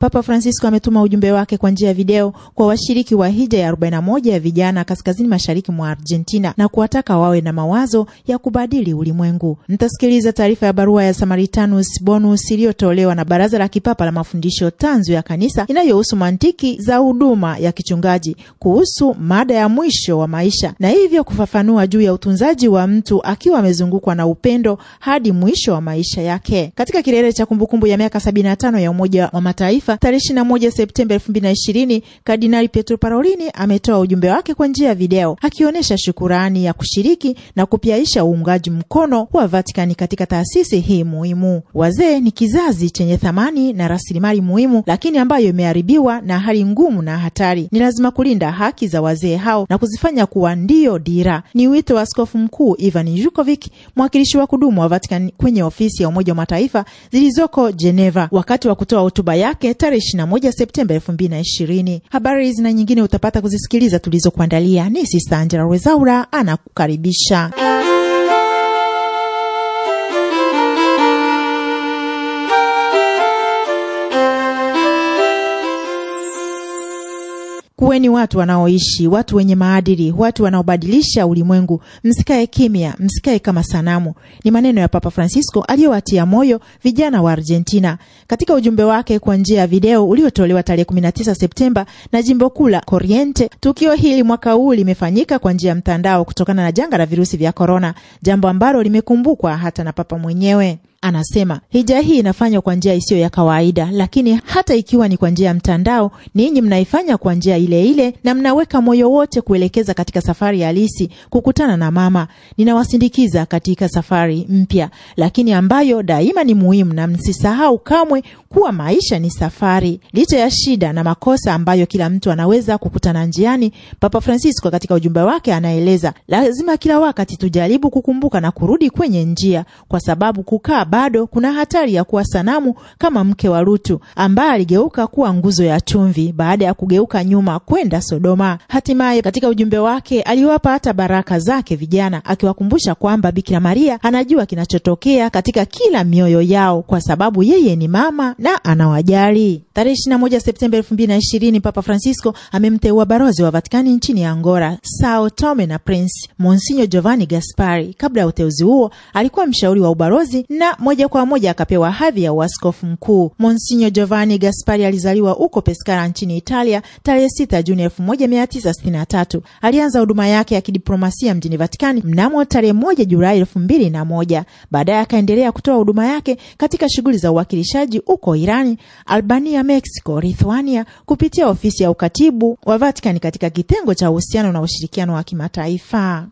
Papa Francisco ametuma ujumbe wake kwa njia ya video kwa washiriki wa hija ya 41 ya vijana kaskazini mashariki mwa Argentina na kuwataka wawe na mawazo ya kubadili ulimwengu. Mtasikiliza taarifa ya barua ya Samaritanus Bonus iliyotolewa na Baraza la Kipapa la Mafundisho Tanzu ya Kanisa inayohusu mantiki za huduma ya kichungaji kuhusu mada ya mwisho wa maisha na hivyo kufafanua juu ya utunzaji wa mtu akiwa amezungukwa na upendo hadi mwisho wa maisha yake. Katika kilele cha kumbukumbu ya miaka 75 ya Umoja wa Mataifa Mataifa tarehe 21 Septemba 2020, Kardinali Pietro Parolini ametoa ujumbe wake kwa njia ya video akionyesha shukurani ya kushiriki na kupyaisha uungaji mkono wa Vatikani katika taasisi hii muhimu. Wazee ni kizazi chenye thamani na rasilimali muhimu, lakini ambayo imeharibiwa na hali ngumu na hatari. Ni lazima kulinda haki za wazee hao na kuzifanya kuwa ndiyo dira. Ni wito wa Askofu Mkuu Ivan Jukovic, mwakilishi wa kudumu wa Vatikani kwenye ofisi ya Umoja wa Mataifa zilizoko Geneva, wakati wa kutoa hotuba yake tarehe 21 Septemba 2020. Habari hizi na nyingine utapata kuzisikiliza tulizokuandalia. Ni Sista Angela Rwezaura anakukaribisha. Kuweni watu wanaoishi, watu wenye maadili, watu wanaobadilisha ulimwengu. Msikae kimya, msikae kama sanamu. Ni maneno ya Papa Francisco aliyowatia moyo vijana wa Argentina katika ujumbe wake kwa njia ya video uliotolewa tarehe 19 Septemba na jimbo kuu la Corriente. Tukio hili mwaka huu limefanyika kwa njia ya mtandao kutokana na janga la virusi vya korona, jambo ambalo limekumbukwa hata na Papa mwenyewe. Anasema hija hii inafanywa kwa njia isiyo ya kawaida, lakini hata ikiwa ni kwa njia ya mtandao, ninyi mnaifanya kwa njia ile ile na mnaweka moyo wote kuelekeza katika safari halisi, kukutana na mama. Ninawasindikiza katika safari mpya, lakini ambayo daima ni muhimu, na msisahau kamwe kuwa maisha ni safari, licha ya shida na makosa ambayo kila mtu anaweza kukutana njiani. Papa Francisco katika ujumbe wake anaeleza, lazima kila wakati tujaribu kukumbuka na kurudi kwenye njia, kwa sababu kukaa bado kuna hatari ya kuwa sanamu kama mke wa Rutu ambaye aligeuka kuwa nguzo ya chumvi baada ya kugeuka nyuma kwenda Sodoma. Hatimaye katika ujumbe wake aliwapa hata baraka zake vijana, akiwakumbusha kwamba Bikira Maria anajua kinachotokea katika kila mioyo yao kwa sababu yeye ni mama na anawajali. Tarehe 21 Septemba 2020 Papa Francisco amemteua barozi wa Vatikani nchini Angola, Sao Tome na Prince, Monsinyo Giovanni Gaspari. Kabla ya uteuzi huo alikuwa mshauri wa ubalozi na moja kwa moja akapewa hadhi ya uaskofu mkuu. Monsinyo Giovanni Gaspari alizaliwa huko Pescara nchini Italia tarehe 6 Juni 1963. Alianza huduma yake ya kidiplomasia mjini Vatikani mnamo tarehe 1 Julai 2001. Baadaye akaendelea kutoa huduma yake katika shughuli za uwakilishaji huko Irani, Albania, Mexico, Lithuania kupitia ofisi ya ukatibu wa Vatikani katika kitengo cha uhusiano na ushirikiano wa kimataifa.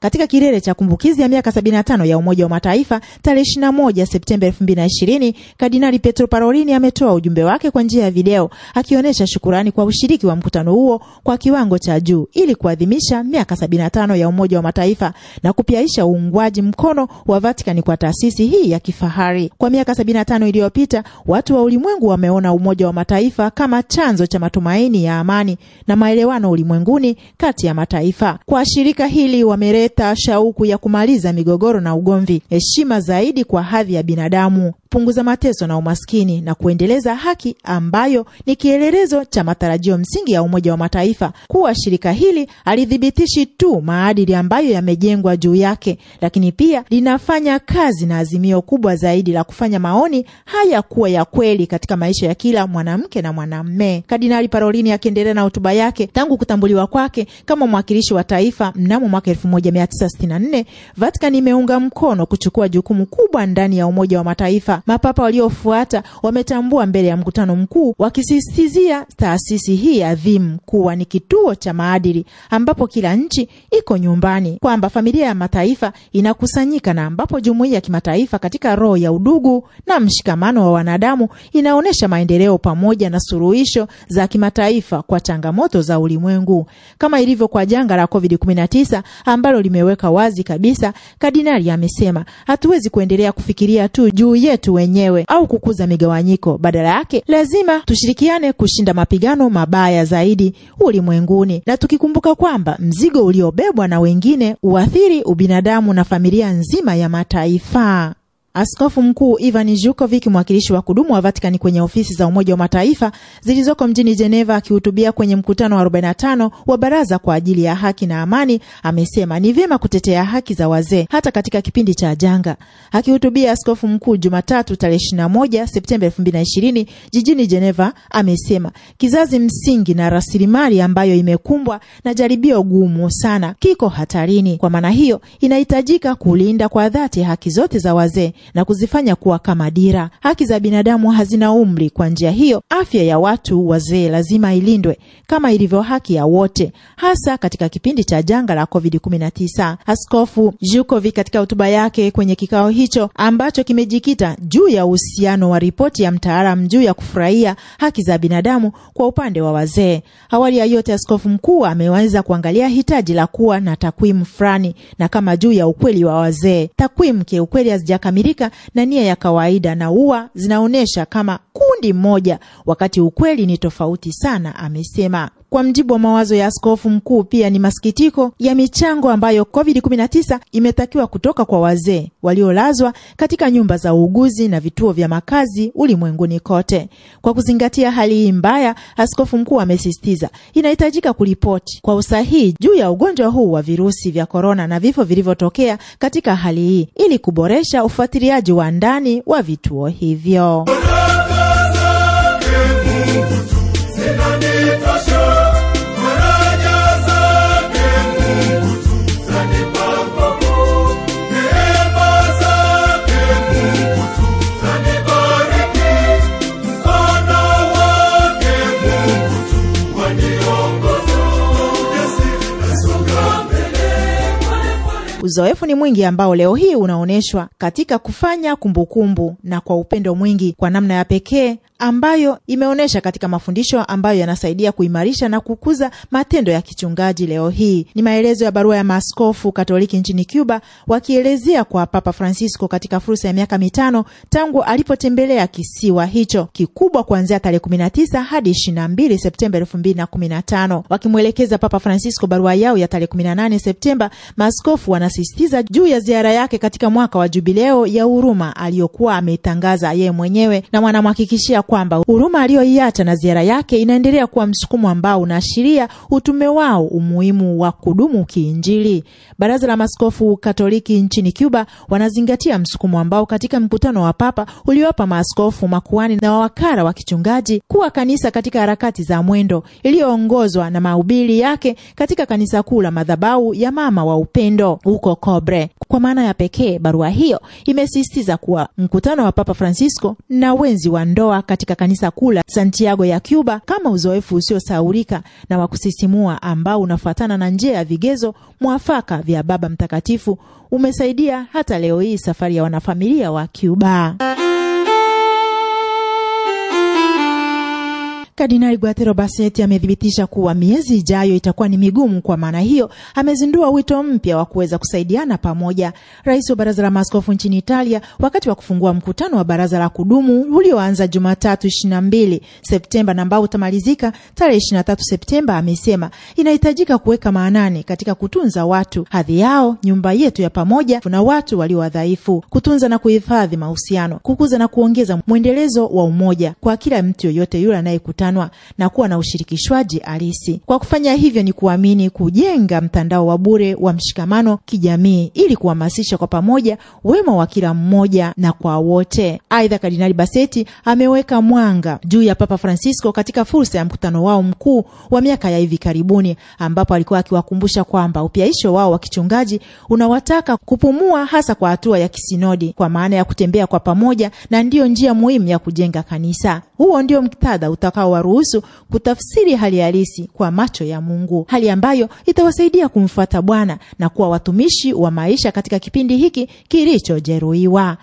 katika kilele cha kumbukizi ya miaka 75 ya Umoja wa Mataifa tarehe 21 Septemba 2020, Kardinali Petro Parolini ametoa ujumbe wake kwa njia ya video akionyesha shukurani kwa ushiriki wa mkutano huo kwa kiwango cha juu ili kuadhimisha miaka 75 ya Umoja wa Mataifa na kupiaisha uungwaji mkono wa Vatikani kwa taasisi hii ya kifahari. Kwa miaka 75 iliyopita, watu wa ulimwengu wameona Umoja wa Mataifa kama chanzo cha matumaini ya amani na maelewano ulimwenguni kati ya mataifa. Kwa shirika hili wamere kuleta shauku ya kumaliza migogoro na ugomvi, heshima zaidi kwa hadhi ya binadamu, punguza mateso na umaskini na kuendeleza haki ambayo ni kielelezo cha matarajio msingi ya Umoja wa Mataifa, kuwa shirika hili halithibitishi tu maadili ambayo yamejengwa juu yake, lakini pia linafanya kazi na azimio kubwa zaidi la kufanya maoni haya kuwa ya kweli katika maisha ya kila mwanamke na mwanamme. Kardinali Parolini akiendelea na hotuba yake tangu kutambuliwa kwake kama mwakilishi wa taifa mnamo mwaka elfu moja 1964 Vatican imeunga mkono kuchukua jukumu kubwa ndani ya Umoja wa Mataifa. Mapapa waliofuata wametambua mbele ya mkutano mkuu, wakisisitizia taasisi hii adhimu kuwa ni kituo cha maadili ambapo kila nchi iko nyumbani, kwamba familia ya mataifa inakusanyika na ambapo jumuiya ya kimataifa katika roho ya udugu na mshikamano wa wanadamu inaonyesha maendeleo pamoja na suluhisho za kimataifa kwa changamoto za ulimwengu kama ilivyo kwa janga la COVID-19 ambalo limeweka wazi kabisa, kardinali amesema hatuwezi kuendelea kufikiria tu juu yetu wenyewe au kukuza migawanyiko. Badala yake, lazima tushirikiane kushinda mapigano mabaya zaidi ulimwenguni, na tukikumbuka kwamba mzigo uliobebwa na wengine uathiri ubinadamu na familia nzima ya mataifa. Askofu Mkuu Ivan Jukovic, mwakilishi wa kudumu wa Vatikani kwenye ofisi za Umoja wa Mataifa zilizoko mjini Jeneva, akihutubia kwenye mkutano wa 45 wa Baraza kwa ajili ya Haki na Amani, amesema ni vyema kutetea haki za wazee hata katika kipindi cha janga. Akihutubia askofu mkuu Jumatatu tarehe 21 Septemba 2020 jijini Jeneva, amesema kizazi msingi na rasilimali ambayo imekumbwa na jaribio gumu sana kiko hatarini. Kwa maana hiyo, inahitajika kulinda kwa dhati haki zote za wazee na kuzifanya kuwa kama dira. Haki za binadamu hazina umri. Kwa njia hiyo, afya ya watu wazee lazima ilindwe kama ilivyo haki ya wote, hasa katika kipindi cha janga la COVID-19. Askofu Jukovi katika hotuba yake kwenye kikao hicho ambacho kimejikita juu ya uhusiano wa ripoti ya mtaalam juu ya kufurahia haki za binadamu kwa upande wa wazee. Awali ya yote, askofu mkuu ameweza kuangalia hitaji la kuwa na takwimu fulani na kama juu ya ukweli wa wazee. Takwimu kiukweli hazijakamilika kuaminika na nia ya kawaida, na huwa zinaonyesha kama kundi moja, wakati ukweli ni tofauti sana, amesema. Kwa mjibu wa mawazo ya askofu mkuu, pia ni masikitiko ya michango ambayo COVID-19 imetakiwa kutoka kwa wazee waliolazwa katika nyumba za uuguzi na vituo vya makazi ulimwenguni kote. Kwa kuzingatia hali hii mbaya, askofu mkuu amesisitiza inahitajika kuripoti kwa usahihi juu ya ugonjwa huu wa virusi vya korona na vifo vilivyotokea katika hali hii ili kuboresha ufuatiliaji wa ndani wa vituo hivyo. giới uzoefu ni mwingi ambao leo hii unaonyeshwa katika kufanya kumbukumbu kumbu, na kwa upendo mwingi kwa namna ya pekee ambayo imeonyesha katika mafundisho ambayo yanasaidia kuimarisha na kukuza matendo ya kichungaji leo hii. Ni maelezo ya barua ya maaskofu Katoliki nchini Cuba wakielezea kwa Papa Francisco katika fursa ya miaka mitano tangu alipotembelea kisiwa hicho kikubwa kuanzia tarehe 19 hadi 22 Septemba 2015. Wakimwelekeza Papa Francisco barua yao ya tarehe 18 Septemba, maaskofu wanasisitiza aliuliza juu ya ziara yake katika mwaka wa jubileo ya huruma aliyokuwa ameitangaza yeye mwenyewe, na wanamhakikishia kwamba huruma aliyoiacha na ziara yake inaendelea kuwa msukumo ambao unaashiria utume wao umuhimu wa kudumu kiinjili. Baraza la Maskofu Katoliki nchini Cuba wanazingatia msukumo ambao katika mkutano wa Papa uliowapa maaskofu, makuani na wawakala wa kichungaji kuwa kanisa katika harakati za mwendo iliyoongozwa na mahubiri yake katika kanisa kuu la madhabahu ya mama wa upendo huko Obre. Kwa maana ya pekee, barua hiyo imesisitiza kuwa mkutano wa Papa Francisco na wenzi wa ndoa katika kanisa kuu la Santiago ya Cuba kama uzoefu usiosahaulika na wa kusisimua ambao unafuatana na njia ya vigezo mwafaka vya Baba Mtakatifu umesaidia hata leo hii safari ya wanafamilia wa Cuba. Kardinali Guatero Baseti amethibitisha kuwa miezi ijayo itakuwa ni migumu. Kwa maana hiyo, amezindua wito mpya wa kuweza kusaidiana pamoja. Rais wa Baraza la Maaskofu nchini Italia, wakati wa kufungua mkutano wa baraza la kudumu ulioanza Jumatatu 22 Septemba na ambao utamalizika tarehe 23 Septemba, amesema inahitajika kuweka maanani katika kutunza watu, hadhi yao, nyumba yetu ya pamoja, na watu walio wadhaifu, kutunza na kuhifadhi mahusiano, kukuza na kuongeza mwendelezo wa umoja kwa kila mtu yoyote yule anayekutana kutanwa na kuwa na ushirikishwaji halisi. Kwa kufanya hivyo, ni kuamini kujenga mtandao wa bure wa mshikamano kijamii, ili kuhamasisha kwa pamoja wema wa kila mmoja na kwa wote. Aidha, Kardinali Baseti ameweka mwanga juu ya Papa Francisco katika fursa ya mkutano wao mkuu wa miaka ya hivi karibuni, ambapo alikuwa akiwakumbusha kwamba upyaisho wao wa kichungaji unawataka kupumua, hasa kwa hatua ya kisinodi, kwa maana ya kutembea kwa pamoja, na ndiyo njia muhimu ya kujenga kanisa. Huo ndio mktadha utakao kuwaruhusu kutafsiri hali halisi kwa macho ya Mungu, hali ambayo itawasaidia kumfuata Bwana na kuwa watumishi wa maisha katika kipindi hiki kilichojeruhiwa.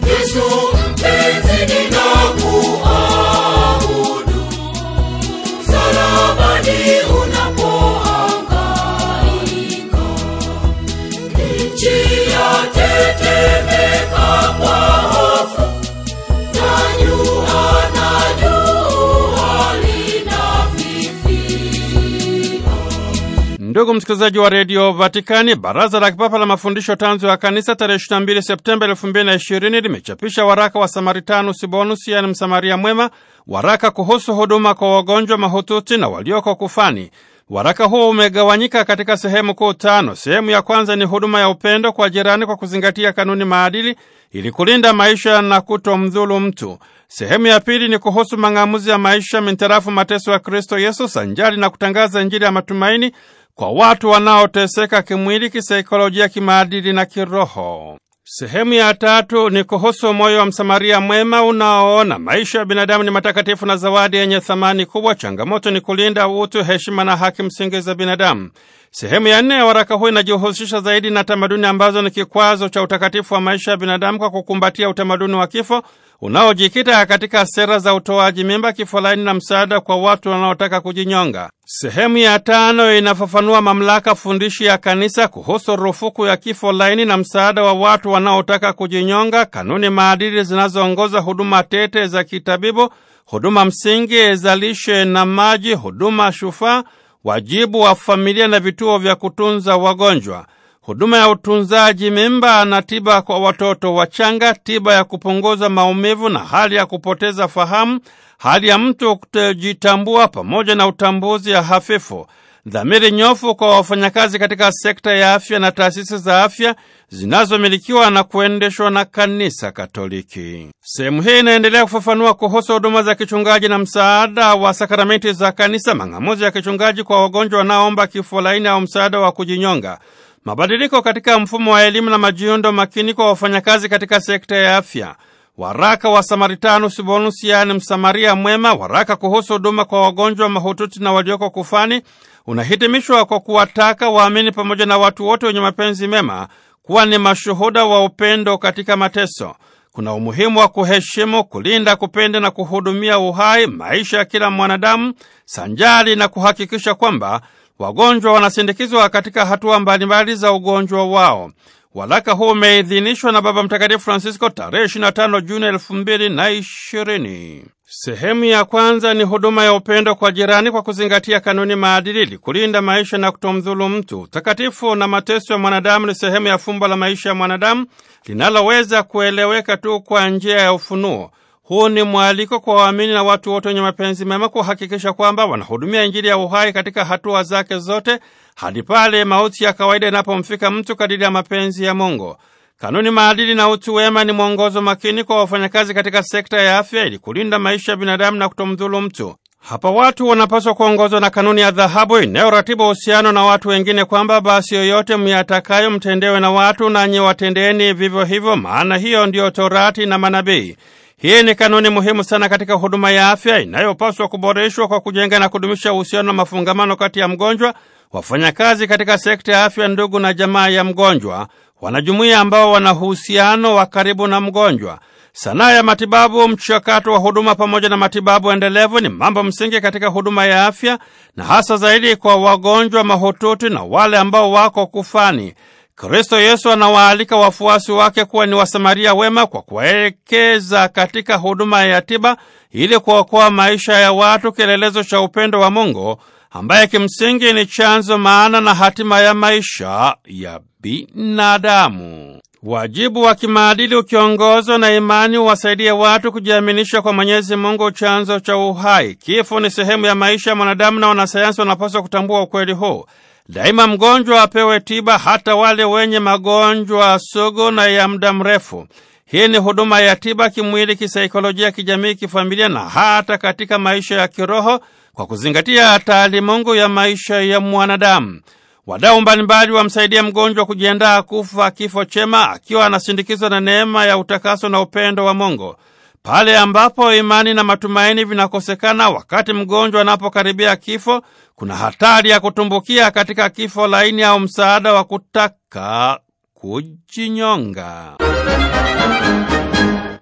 Ndugu msikilizaji wa redio Vatikani, baraza la kipapa la mafundisho tanzu ya kanisa tarehe 22 Septemba 2020 limechapisha waraka wa Samaritanus Bonus, yaani msamaria mwema, waraka kuhusu huduma kwa wagonjwa mahututi na walioko kufani. Waraka huo umegawanyika katika sehemu kuu tano. Sehemu ya kwanza ni huduma ya upendo kwa jirani kwa kuzingatia kanuni maadili, ili kulinda maisha na kutomdhulu mtu. Sehemu ya pili ni kuhusu mang'amuzi ya maisha mintarafu mateso ya Kristo Yesu sanjari na kutangaza Injili ya matumaini kwa watu wanaoteseka kimwili, kisaikolojia, kimaadili na kiroho. Sehemu ya tatu ni kuhusu moyo wa Msamaria mwema unaoona maisha ya binadamu ni matakatifu na zawadi yenye thamani kubwa. Changamoto ni kulinda utu, heshima na haki msingi za binadamu. Sehemu ya nne ya waraka huu inajihusisha zaidi na tamaduni ambazo ni kikwazo cha utakatifu wa maisha ya binadamu kwa kukumbatia utamaduni wa kifo unaojikita katika sera za utoaji mimba, kifo laini na msaada kwa watu wanaotaka kujinyonga. Sehemu ya tano inafafanua mamlaka fundishi ya kanisa kuhusu rufuku ya kifo laini na msaada wa watu wanaotaka kujinyonga, kanuni maadili zinazoongoza huduma tete za kitabibu, huduma msingi za lishe na maji, huduma shufaa wajibu wa familia na vituo vya kutunza wagonjwa, huduma ya utunzaji mimba na tiba kwa watoto wachanga, tiba ya kupunguza maumivu na hali ya kupoteza fahamu, hali ya mtu kutojitambua, pamoja na utambuzi hafifu dhamiri nyofu kwa wafanyakazi katika sekta ya afya na taasisi za afya zinazomilikiwa na kuendeshwa na Kanisa Katoliki. Sehemu hii inaendelea kufafanua kuhusu huduma za kichungaji na msaada wa sakramenti za Kanisa, mang'amuzi ya kichungaji kwa wagonjwa wanaoomba kifo laini au msaada wa kujinyonga, mabadiliko katika mfumo wa elimu na majiundo makini kwa wafanyakazi katika sekta ya afya waraka wa Samaritanus Bonus, yaani Msamaria Mwema, waraka kuhusu huduma kwa wagonjwa mahututi na walioko kufani, unahitimishwa kwa kuwataka waamini pamoja na watu wote wenye mapenzi mema kuwa ni mashuhuda wa upendo katika mateso. Kuna umuhimu wa kuheshimu, kulinda, kupenda na kuhudumia uhai, maisha ya kila mwanadamu, sanjari na kuhakikisha kwamba wagonjwa wanasindikizwa katika hatua mbalimbali za ugonjwa wao. Walaka huu umeidhinishwa na Baba Mtakatifu Francisco tarehe 25 Juni 2020. Sehemu ya kwanza ni huduma ya upendo kwa jirani kwa kuzingatia kanuni maadili, kulinda maisha na kutomdhulu mtu. takatifu na mateso ya mwanadamu ni sehemu ya fumbo la maisha ya mwanadamu linaloweza kueleweka tu kwa njia ya ufunuo. Huu ni mwaliko kwa waamini na watu wote wenye mapenzi mema kuhakikisha kwamba wanahudumia Injili ya uhai katika hatua zake zote hadi pale mauti ya kawaida inapomfika mtu kadiri ya mapenzi ya Mungu. Kanuni, maadili na utu wema ni mwongozo makini kwa wafanyakazi katika sekta ya afya ili kulinda maisha ya binadamu na kutomdhulu mtu. Hapa watu wanapaswa kuongozwa na kanuni ya dhahabu inayoratibu uhusiano na watu wengine, kwamba basi yoyote myatakayo mtendewe na watu, nanyi watendeni vivyo hivyo, maana hiyo ndiyo Torati na manabii. Hii ni kanuni muhimu sana katika huduma ya afya inayopaswa kuboreshwa kwa kujenga na kudumisha uhusiano na mafungamano kati ya mgonjwa, wafanyakazi katika sekta ya afya, ndugu na jamaa ya mgonjwa, wanajumuiya ambao wana uhusiano wa karibu na mgonjwa. Sanaa ya matibabu, mchakato wa huduma pamoja na matibabu endelevu ni mambo msingi katika huduma ya afya na hasa zaidi kwa wagonjwa mahututi na wale ambao wako kufani. Kristo Yesu anawaalika wafuasi wake kuwa ni Wasamaria wema kwa kuwaelekeza katika huduma ya tiba ili kuokoa maisha ya watu, kielelezo cha upendo wa Mungu ambaye kimsingi ni chanzo, maana na hatima ya maisha ya binadamu. Wajibu wa kimaadili ukiongozwa na imani uwasaidie watu kujiaminisha kwa Mwenyezi Mungu, chanzo cha uhai. Kifo ni sehemu ya maisha ya mwanadamu na wanasayansi wanapaswa kutambua ukweli huu. Daima mgonjwa apewe tiba, hata wale wenye magonjwa sugu na ya muda mrefu. Hii ni huduma ya tiba kimwili, kisaikolojia, kijamii, kifamilia na hata katika maisha ya kiroho kwa kuzingatia taalimungu ya maisha ya mwanadamu. Wadau mbalimbali wamsaidia mgonjwa kujiandaa kufa kifo chema, akiwa anasindikizwa na neema ya utakaso na upendo wa Mungu. Pale ambapo imani na matumaini vinakosekana, wakati mgonjwa anapokaribia kifo, kuna hatari ya kutumbukia katika kifo laini au msaada wa kutaka kujinyonga.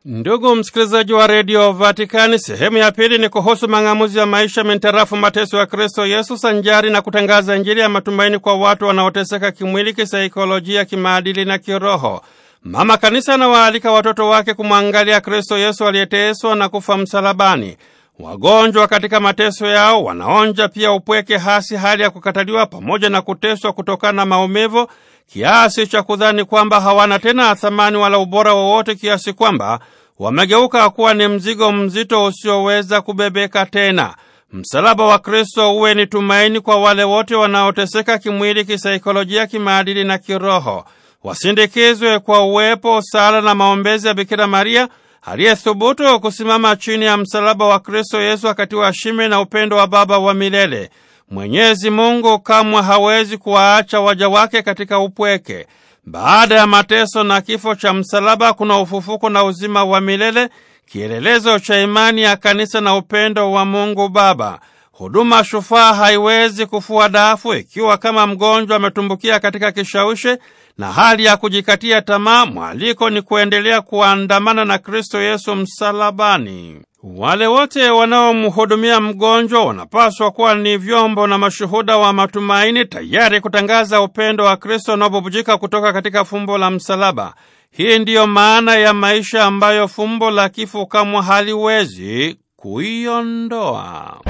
Ndugu msikilizaji wa redio Vatikani, sehemu ya pili ni kuhusu mang'amuzi ya maisha mintarafu mateso ya Kristo Yesu, sanjari na kutangaza Injili ya matumaini kwa watu wanaoteseka kimwili, kisaikolojia, kimaadili na kiroho. Mama Kanisa anawaalika watoto wake kumwangalia Kristo Yesu aliyeteswa na kufa msalabani. Wagonjwa katika mateso yao wanaonja pia upweke hasi, hali ya kukataliwa pamoja na kuteswa kutokana na maumivu, kiasi cha kudhani kwamba hawana tena thamani wala ubora wowote, kiasi kwamba wamegeuka kuwa ni mzigo mzito usioweza kubebeka tena. Msalaba wa Kristo uwe ni tumaini kwa wale wote wanaoteseka kimwili, kisaikolojia, kimaadili na kiroho wasindikizwe kwa uwepo, sala na maombezi ya Bikira Maria aliyethubutu kusimama chini ya msalaba wa Kristo Yesu akatiwa shime na upendo wa Baba wa milele. Mwenyezi Mungu kamwe hawezi kuwaacha waja wake katika upweke. Baada ya mateso na kifo cha msalaba kuna ufufuko na uzima wa milele, kielelezo cha imani ya kanisa na upendo wa Mungu Baba. Huduma shufaa haiwezi kufua dafu. Ikiwa kama mgonjwa ametumbukia katika kishawishi, na hali ya kujikatia tamaa, mwaliko ni kuendelea kuandamana na Kristo Yesu msalabani. Wale wote wanaomhudumia mgonjwa wanapaswa kuwa ni vyombo na mashuhuda wa matumaini, tayari kutangaza upendo wa Kristo unaobubujika kutoka katika fumbo la msalaba. Hii ndiyo maana ya maisha ambayo fumbo la kifo kamwe haliwezi kuiondoa.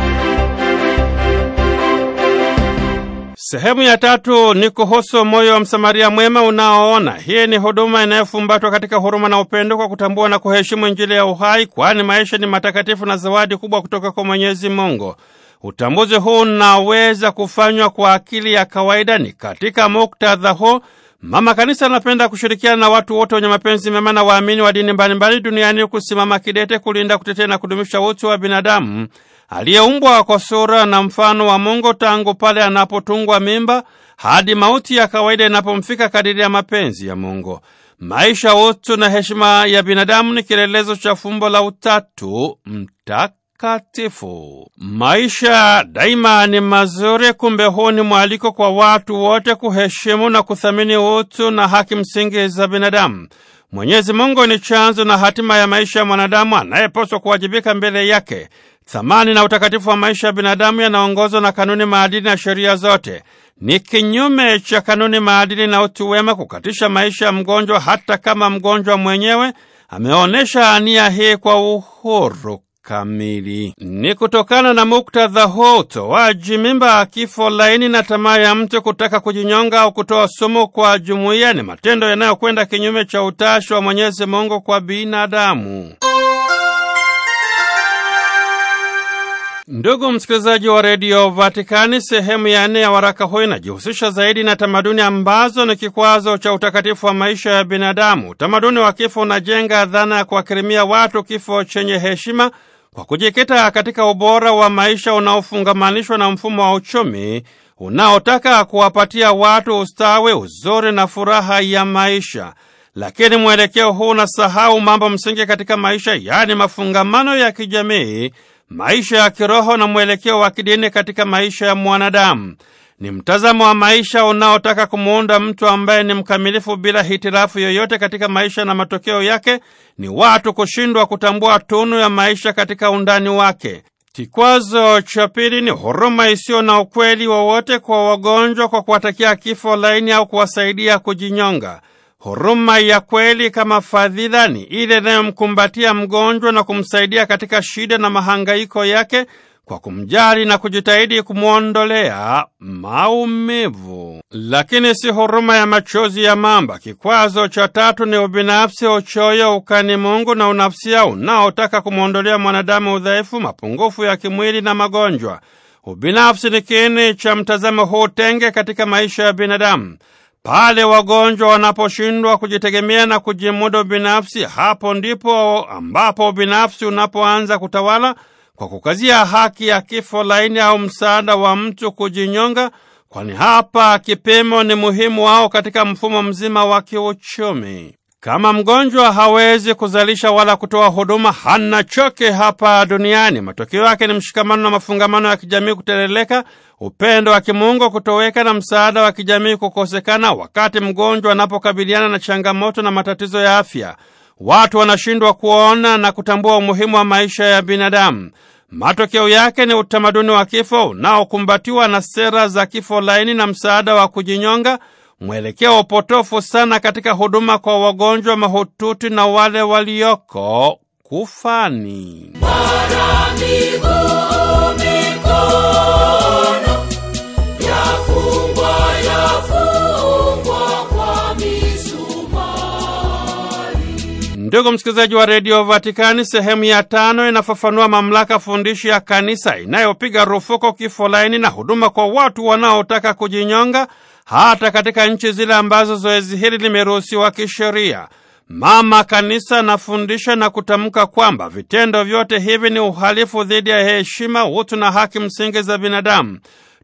Sehemu ya tatu ni kuhusu moyo wa Msamaria mwema unaoona. Hii ni huduma inayofumbatwa katika huruma na upendo kwa kutambua na kuheshimu Injili ya uhai, kwani maisha ni matakatifu na zawadi kubwa kutoka kwa Mwenyezi Mungu. Utambuzi huu unaweza kufanywa kwa akili ya kawaida. Ni katika muktadha huu Mama Kanisa anapenda kushirikiana na watu wote wenye mapenzi mema na waamini wa dini mbalimbali duniani kusimama kidete kulinda, kutetea na kudumisha utu wa binadamu aliyeumbwa kwa sura na mfano wa Mungu tangu pale anapotungwa mimba hadi mauti ya kawaida inapomfika kadiri ya mapenzi ya Mungu. Maisha, utu na heshima ya binadamu ni kielelezo cha fumbo la Utatu Mtakatifu. Maisha daima ni mazuri, kumbe huu ni mwaliko kwa watu wote kuheshimu na kuthamini utu na haki msingi za binadamu. Mwenyezi Mungu ni chanzo na hatima ya maisha ya mwanadamu anayepaswa kuwajibika mbele yake. Thamani na utakatifu wa maisha ya binadamu yanaongozwa na kanuni, maadili na sheria zote. Ni kinyume cha kanuni, maadili na utu wema kukatisha maisha ya mgonjwa, hata kama mgonjwa mwenyewe ameonyesha nia hii kwa uhuru kamili. Ni kutokana na muktadha huu utoaji mimba, kifo laini na tamaa ya mtu kutaka kujinyonga au kutoa sumu kwa jumuiya ni matendo yanayokwenda kinyume cha utashi wa Mwenyezi Mungu kwa binadamu. Ndugu msikilizaji wa redio Vatikani, sehemu ya nne ya waraka huu inajihusisha zaidi na tamaduni ambazo ni kikwazo cha utakatifu wa maisha ya binadamu. Utamaduni wa kifo unajenga dhana ya kuwakirimia watu kifo chenye heshima kwa kujikita katika ubora wa maisha unaofungamanishwa na mfumo wa uchumi unaotaka kuwapatia watu ustawi, uzuri na furaha ya maisha. Lakini mwelekeo huu unasahau mambo msingi katika maisha, yaani mafungamano ya kijamii maisha ya kiroho na mwelekeo wa kidini katika maisha ya mwanadamu. Ni mtazamo wa maisha unaotaka kumuunda mtu ambaye ni mkamilifu bila hitilafu yoyote katika maisha, na matokeo yake ni watu kushindwa kutambua tunu ya maisha katika undani wake. Kikwazo cha pili ni huruma isiyo na ukweli wowote kwa wagonjwa, kwa kuwatakia kifo laini au kuwasaidia kujinyonga. Huruma ya kweli kama fadhila ni ile inayomkumbatia mgonjwa na kumsaidia katika shida na mahangaiko yake kwa kumjali na kujitahidi kumwondolea maumivu. Lakini si huruma ya machozi ya mamba. Kikwazo cha tatu ni ubinafsi, uchoyo, ukani Mungu na unafsia unaotaka kumwondolea mwanadamu udhaifu, mapungufu ya kimwili na magonjwa. Ubinafsi ni kiini cha mtazamo huu tenge katika maisha ya binadamu. Pale wagonjwa wanaposhindwa kujitegemea na kujimudu binafsi, hapo ndipo ambapo binafsi unapoanza kutawala kwa kukazia haki ya kifo laini au msaada wa mtu kujinyonga, kwani hapa kipimo ni muhimu wao katika mfumo mzima wa kiuchumi. Kama mgonjwa hawezi kuzalisha wala kutoa huduma, hana choke hapa duniani. Matokeo yake ni mshikamano na mafungamano ya kijamii kuteleleka, upendo wa kimungu kutoweka na msaada wa kijamii kukosekana, wakati mgonjwa anapokabiliana na changamoto na matatizo ya afya. Watu wanashindwa kuona na kutambua umuhimu wa maisha ya binadamu. Matokeo yake ni utamaduni wa kifo unaokumbatiwa na sera za kifo laini na msaada wa kujinyonga mwelekeo potofu sana katika huduma kwa wagonjwa mahututi na wale walioko kufani. Ndugu msikilizaji wa redio Vatikani, sehemu ya tano inafafanua mamlaka fundishi ya kanisa inayopiga rufuko kifo laini na huduma kwa watu wanaotaka kujinyonga hata katika nchi zile ambazo zoezi hili limeruhusiwa kisheria. Mama Kanisa anafundisha na kutamka kwamba vitendo vyote hivi ni uhalifu dhidi ya heshima, utu na haki msingi za binadamu,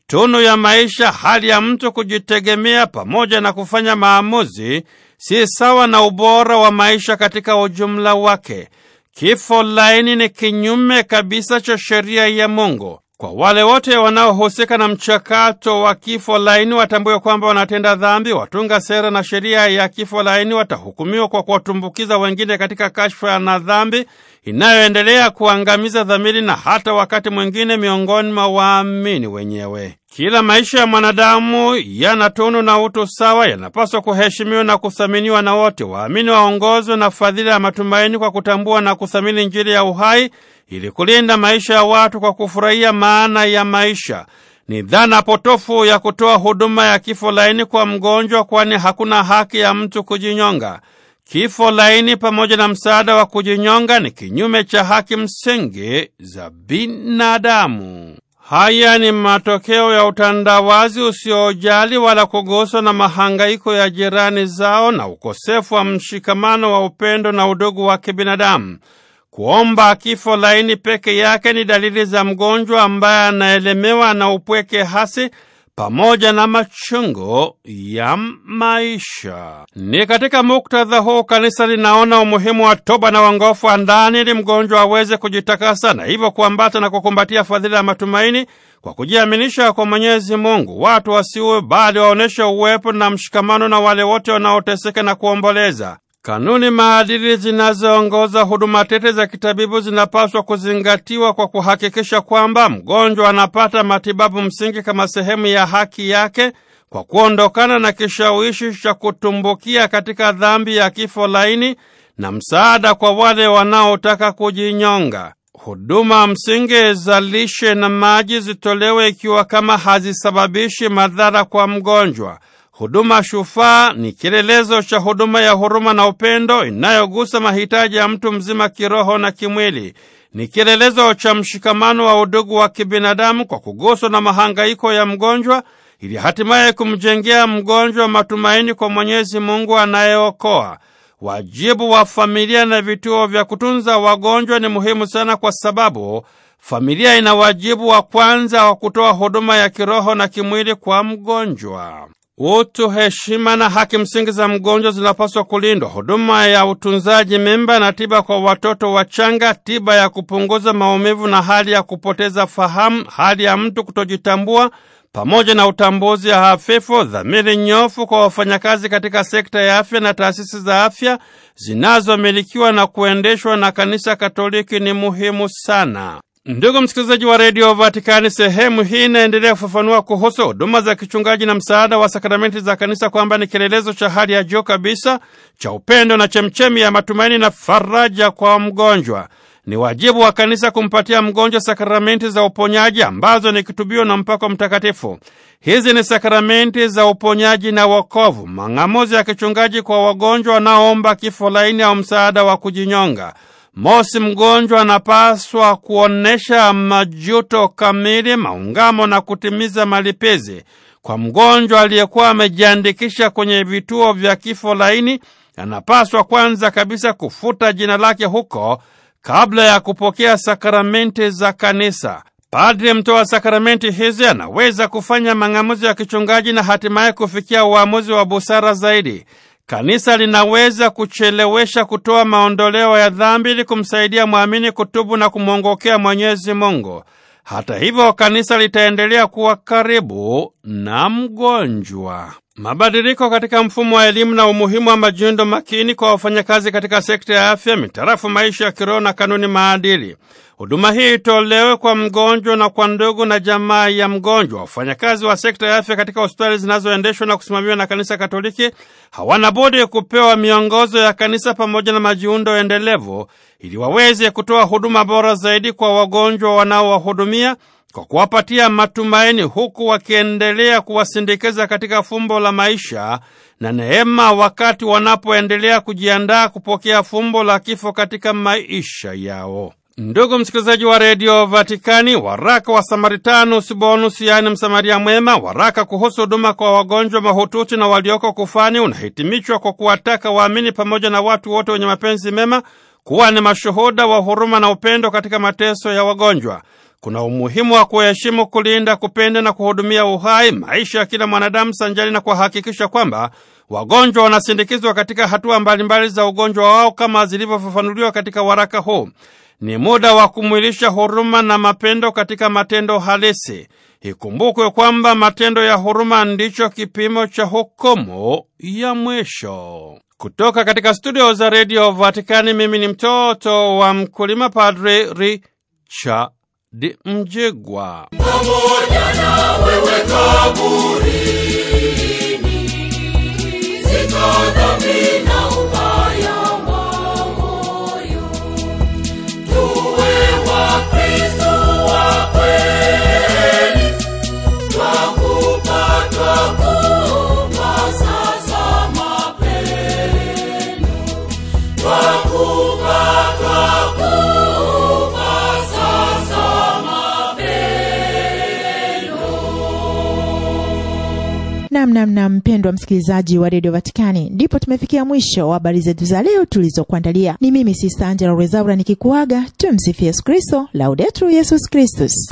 tunu ya maisha, hali ya mtu kujitegemea pamoja na kufanya maamuzi si sawa na ubora wa maisha katika ujumla wake. Kifo laini ni kinyume kabisa cha sheria ya Mungu. Kwa wale wote wanaohusika na mchakato wa kifo laini watambue kwamba wanatenda dhambi. Watunga sera na sheria ya kifo laini watahukumiwa kwa kuwatumbukiza wengine katika kashfa na dhambi inayoendelea kuangamiza dhamiri na hata wakati mwingine miongoni mwa waamini wenyewe. Kila maisha ya mwanadamu yana tunu na utu sawa, yanapaswa kuheshimiwa na kuthaminiwa na wote. Waamini waongozwe na fadhila ya matumaini kwa kutambua na kuthamini Injili ya uhai ili kulinda maisha ya watu kwa kufurahia maana ya maisha. Ni dhana potofu ya kutoa huduma ya kifo laini kwa mgonjwa, kwani hakuna haki ya mtu kujinyonga. Kifo laini pamoja na msaada wa kujinyonga ni kinyume cha haki msingi za binadamu. Haya ni matokeo ya utandawazi usiojali wala kuguswa na mahangaiko ya jirani zao na ukosefu wa mshikamano wa upendo na udugu wa kibinadamu. Kuomba kifo laini peke yake ni dalili za mgonjwa ambaye anaelemewa na upweke hasi pamoja na machungu ya maisha. Ni katika muktadha huu kanisa linaona umuhimu wa toba na uongofu wa ndani ili mgonjwa aweze kujitakasa na hivyo kuambata na kukumbatia fadhila ya matumaini kwa kujiaminisha kwa Mwenyezi Mungu. Watu wasiuwe bali waonyeshe uwepo na mshikamano na wale wote wanaoteseka na kuomboleza. Kanuni maadili zinazoongoza huduma tete za kitabibu zinapaswa kuzingatiwa kwa kuhakikisha kwamba mgonjwa anapata matibabu msingi kama sehemu ya haki yake kwa kuondokana na kishawishi cha kutumbukia katika dhambi ya kifo laini na msaada kwa wale wanaotaka kujinyonga. Huduma msingi za lishe na maji zitolewe ikiwa kama hazisababishi madhara kwa mgonjwa. Huduma shufaa ni kielelezo cha huduma ya huruma na upendo inayogusa mahitaji ya mtu mzima kiroho na kimwili. Ni kielelezo cha mshikamano wa udugu wa kibinadamu kwa kuguswa na mahangaiko ya mgonjwa ili hatimaye kumjengea mgonjwa matumaini kwa Mwenyezi Mungu anayeokoa. Wajibu wa familia na vituo vya kutunza wagonjwa ni muhimu sana kwa sababu familia ina wajibu wa kwanza wa kutoa huduma ya kiroho na kimwili kwa mgonjwa utu, heshima na haki msingi za mgonjwa zinapaswa kulindwa. Huduma ya utunzaji mimba na tiba kwa watoto wachanga, tiba ya kupunguza maumivu na hali ya kupoteza fahamu, hali ya mtu kutojitambua pamoja na utambuzi hafifu, dhamiri nyofu kwa wafanyakazi katika sekta ya afya na taasisi za afya zinazomilikiwa na kuendeshwa na Kanisa Katoliki ni muhimu sana. Ndugu msikilizaji wa redio Vatikani, sehemu hii inaendelea kufafanua kuhusu huduma za kichungaji na msaada wa sakramenti za kanisa kwamba ni kielelezo cha hali ya juu kabisa cha upendo na chemchemi ya matumaini na faraja kwa mgonjwa. Ni wajibu wa kanisa kumpatia mgonjwa sakramenti za uponyaji ambazo ni kitubio na mpako mtakatifu. Hizi ni sakramenti za uponyaji na wokovu, mang'amuzi ya kichungaji kwa wagonjwa wanaoomba kifo laini au msaada wa kujinyonga. Mosi, mgonjwa anapaswa kuonesha majuto kamili, maungamo na kutimiza malipizi. Kwa mgonjwa aliyekuwa amejiandikisha kwenye vituo vya kifo laini, anapaswa kwanza kabisa kufuta jina lake huko kabla ya kupokea sakramenti za kanisa. Padre mtoa sakramenti hizi anaweza kufanya mang'amuzi ya kichungaji na hatimaye kufikia uamuzi wa busara zaidi. Kanisa linaweza kuchelewesha kutoa maondoleo ya dhambi ili kumsaidia mwamini kutubu na kumwongokea Mwenyezi Mungu. Hata hivyo, kanisa litaendelea kuwa karibu na mgonjwa. Mabadiliko katika mfumo wa elimu na umuhimu wa majiundo makini kwa wafanyakazi katika sekta ya afya, mitarafu maisha ya kiroho na kanuni maadili. Huduma hii itolewe kwa mgonjwa na kwa ndugu na jamaa ya mgonjwa. Wafanyakazi wa sekta ya afya katika hospitali zinazoendeshwa na kusimamiwa na Kanisa Katoliki hawana budi kupewa miongozo ya kanisa pamoja na majiundo endelevu ili waweze kutoa huduma bora zaidi kwa wagonjwa wanaowahudumia kwa kuwapatia matumaini huku wakiendelea kuwasindikiza katika fumbo la maisha na neema wakati wanapoendelea kujiandaa kupokea fumbo la kifo katika maisha yao. Ndugu msikilizaji wa redio Vatikani, waraka wa Samaritanus Bonus, yaani msamaria mwema, waraka kuhusu huduma kwa wagonjwa mahututi na walioko kufani, unahitimishwa kwa kuwataka waamini pamoja na watu wote wenye mapenzi mema kuwa ni mashuhuda wa huruma na upendo katika mateso ya wagonjwa. Kuna umuhimu wa kuheshimu, kulinda, kupenda na kuhudumia uhai, maisha ya kila mwanadamu, sanjali na kuhakikisha kwamba wagonjwa wanasindikizwa katika hatua mbalimbali za ugonjwa wao kama zilivyofafanuliwa katika waraka huu. Ni muda wa kumwilisha huruma na mapendo katika matendo halisi. Ikumbukwe kwamba matendo ya huruma ndicho kipimo cha hukumu ya mwisho. Kutoka katika studio za redio Vatikani, mimi ni mtoto wa mkulima, Padre Richard Mjigwa. namnamna mpendwa msikilizaji wa redio Vatikani, ndipo tumefikia mwisho wa habari zetu za leo tulizokuandalia. Ni mimi Sista Angela Rezaura nikikuaga. Tumsifu Yesu Kristo, Laudetur Yesus Kristus.